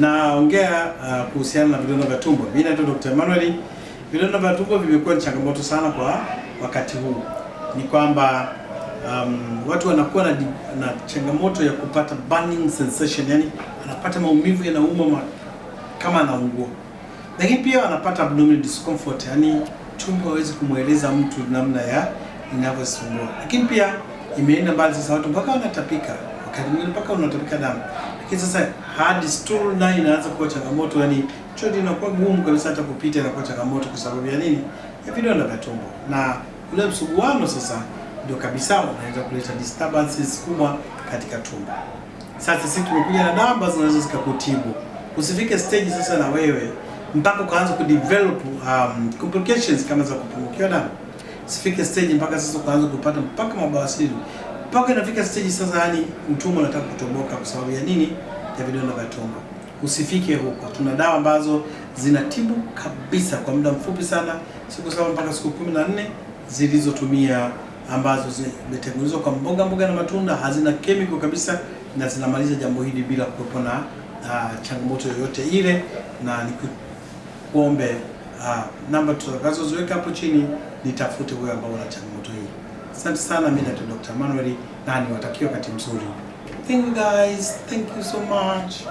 naongea uh, kuhusiana na vidonda vya tumbo. Mimi naitwa Dr. Emmanuel. Vidonda vya tumbo vimekuwa ni changamoto sana kwa wakati huu, ni kwamba um, watu wanakuwa na, na changamoto ya kupata burning sensation, yani anapata maumivu yanauma ma, kama anaungua, lakini pia anapata abdominal discomfort, yani tumbo hawezi kumweleza mtu namna ya inavyosumbua, lakini pia imeenda mbali sasa, watu mpaka wanatapika, wakati mwingine mpaka unatapika damu. Lakini sasa hadi stool nayo inaanza kuwa changamoto, yani chochote inakuwa gumu kabisa, hata kupita inakuwa changamoto. Kwa sababu ya nini? Ya vidonda vya tumbo na ule msuguano sasa ndio kabisa unaweza kuleta disturbances kubwa katika tumbo. Sasa sisi tumekuja na dawa zinaweza zikakutibu, usifike stage sasa na wewe mpaka ukaanza develop um, complications kama za kupungukiwa damu. Usifike stage mpaka sasa ukaanza kupata mpaka mabawasiri mpaka inafika stage sasa, yani utumbo unataka kutoboka. Kwa sababu ya nini? Ya vidonda vya tumbo. Usifike huko, tuna dawa ambazo zinatibu kabisa kwa muda mfupi sana, siku saba mpaka siku kumi na nne zilizotumia ambazo zimetengenezwa kwa mboga mboga na matunda, hazina kemiko kabisa, na zinamaliza jambo hili bila kuwepo na changamoto yoyote ile, na nikuombe ah, namba tutakazoziweka hapo chini, nitafute wewe ambao una changamoto hii. Asante sana Meja Dr. Manuel na niwatakia wakati mzuri. Thank you guys. Thank you so much.